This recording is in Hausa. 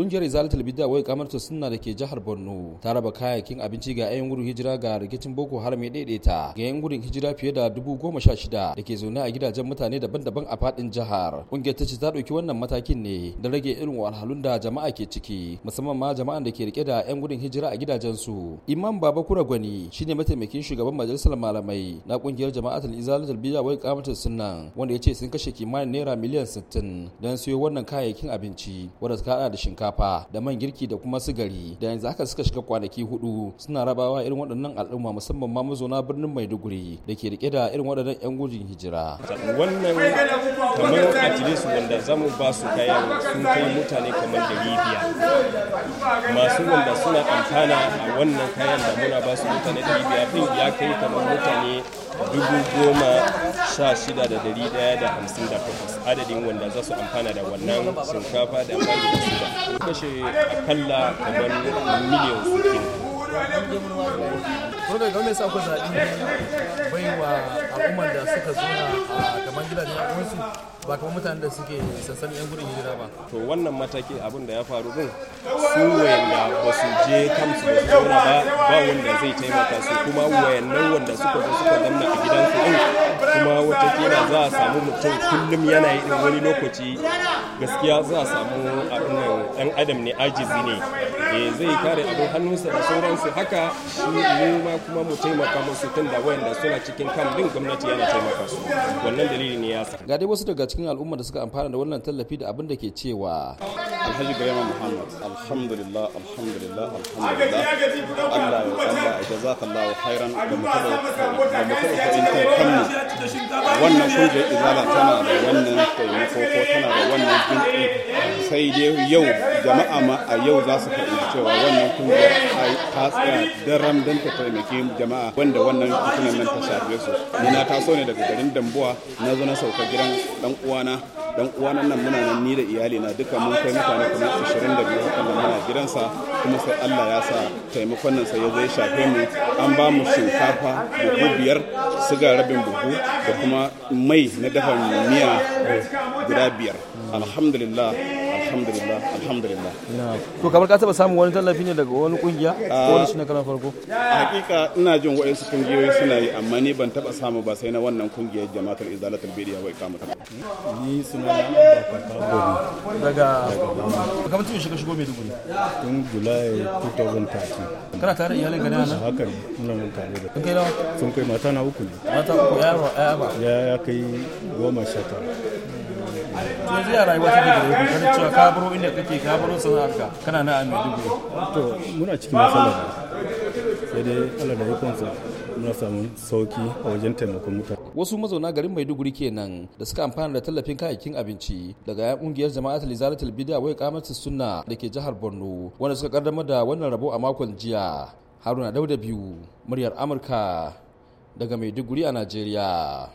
Kungiyar Izalatul Bidda wai kamar ta sunna da ke jihar Borno ta raba kayayyakin abinci ga 'yan gudun hijira ga rikicin Boko Haram ya daidaita ga 'yan gudun hijira fiye da dubu goma sha shida da ke zaune a gidajen mutane daban-daban a faɗin jihar. Kungiyar ta ce ta ɗauki wannan matakin ne da rage irin wahalhalun da jama'a ke ciki musamman ma jama'an da ke rike da 'yan gudun hijira a gidajen su Imam Baba Kura Gwani shine mataimakin shugaban majalisar malamai na kungiyar jama'atul Izalatul Bidda wai kamar ta sunna wanda ya ce sun kashe kimanin naira miliyan 60 don siyo wannan kayayyakin abinci wanda ta da shinkafa shinkafa da man girki da kuma sigari da yanzu haka suka shiga kwanaki hudu suna rabawa irin waɗannan al'umma musamman ma mazauna birnin maiduguri da ke rike da irin waɗannan 'yan gudun hijira wannan kamar a su wanda zamu ba su kayan sun kai mutane kamar da biyar masu wanda suna amfana a wannan kayan da muna ba su mutane dari biyar ya kai kamar mutane 16,158 adadin wanda za su amfana da wannan shinkafa da amfani da su da kashe akalla kamar miliyan ke kuma ga gwamnati sa ku zaɓi bai wa al'ummar da suka zuna a gaban gidajen wasu ba kamar mutanen da suke sansanin 'yan gudun hijira ba to wannan mataki abin da ya faru din su wayan ba su je kamsu ba su zauna ba ba wanda zai taimaka su kuma wayannan wanda suka zo suka zanna a gidansu din kuma kila za a samu mutum kullum yana yi wani lokaci gaskiya za a samu abin nan ɗan adam ne ajizi ne eh, zai kare abin hannunsa da sauransu haka shi mu ma kuma mu taimaka musu tun da wayanda suna cikin kan din gwamnati yana taimaka su wannan dalili ne ya sa ga dai wasu daga cikin al'umma da suka amfana da wannan tallafi da abin da ke cewa alhaji bayan muhammad alhamdulillah alhamdulillah alhamdulillah jazakallahu khairan da mu kada da mu kada fahimtar kanmu wannan kungiyar izala tana da wannan taimako ko tana da wannan jinƙi sai dai yau jama'a ma a yau za su fahimci cewa wannan kungiyar ta tsaya daram don ta taimaki jama'a wanda wannan fitinan nan ta shafe su ni na taso ne daga garin dambuwa na zo na sauka gidan dan uwana dan uwananan nan muna nan ni da iyali na duka mun kai mutane kuma 25 haka nan muna gidansa kuma sai Allah ya sa taimakon nan sai ya zo ya shafe mu an ba mu shinkafa buhu biyar siga rabin buhu da kuma mai na dafa miya guda biyar alhamdulillah alhamdulillah alhamdulillah to kamar ka taba samun wani tallafi ne daga wani kungiya ko ah. wani shi na karan farko a hakika ina jin wayansu kungiyoyi suna yi amma ni ban taba samu ba sai na wannan kungiyar jama'atul izalatul bidiya wa ikamata ni suna daga kamar tun shiga shigo Maiduguri tun July 2013 kana tare iyalin gana nan haka ne muna mun tare da kai sun kai mata na uku ne mata uku yaro ya ba ya kai goma sha tara yanzu ya rayuwa ta da yau kana cewa ka baro inda kake ka baro sana'arka kana na a Maiduguri to muna cikin matsala sai dai Allah da ikonsa muna samun sauki a wajen taimakon mutane wasu mazauna garin maiduguri kenan da suka amfana da tallafin kayayyakin abinci daga yan kungiyar jama'at lizaratul bid'a wai kamatu sunna da ke jihar borno wanda suka kaddamar da wannan rabo a makon jiya haruna dauda biyu muryar amurka daga maiduguri a najeriya